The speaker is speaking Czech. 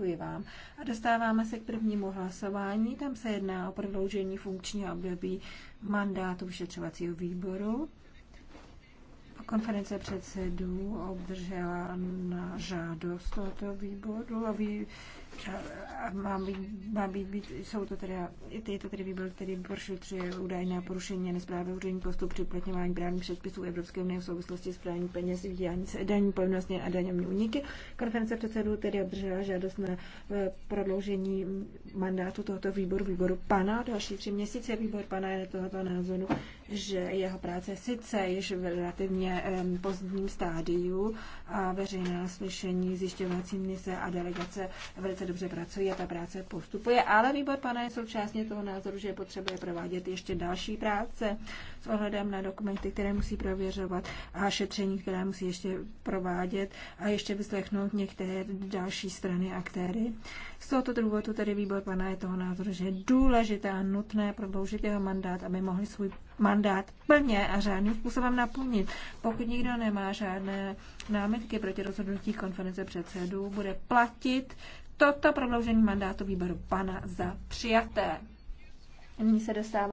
Děkuji vám. A dostáváme se k prvnímu hlasování. Tam se jedná o prodloužení funkčního období mandátu vyšetřovacího výboru. Konference předsedů obdržela na žádost tohoto výboru a, vý, a má, být, má být, být, jsou to teda, je to tedy výbor, který prošetřuje údajné porušení a nesprávné úřední postup při uplatňování právních předpisů Evropské unie v souvislosti s právní peněz, vydělání se daní povinnosti a daňovní úniky. Konference předsedů tedy obdržela žádost na eh, prodloužení mandátu tohoto výboru, výboru pana. Další tři měsíce výbor pana je tohoto názoru, že jeho práce sice již v relativně eh, pozdním stádiu a veřejná slyšení řešení zjišťovací mise a delegace velice dobře pracují a ta práce postupuje, ale výbor pana je současně toho názoru, že je potřeba je provádět ještě další práce s ohledem na dokumenty, které musí prověřovat a šetření, které musí ještě provádět a ještě vyslechnout některé další strany aktéry. Z tohoto důvodu tedy výbor pana je toho názoru, že je důležité a nutné prodloužit jeho mandát, aby mohli svůj mandát plně a řádným způsobem naplnit. Pokud nikdo nemá žádné námitky proti rozhodnutí konference předsedů bude platit toto prodloužení mandátu výboru pana za přijaté. Nyní se dostává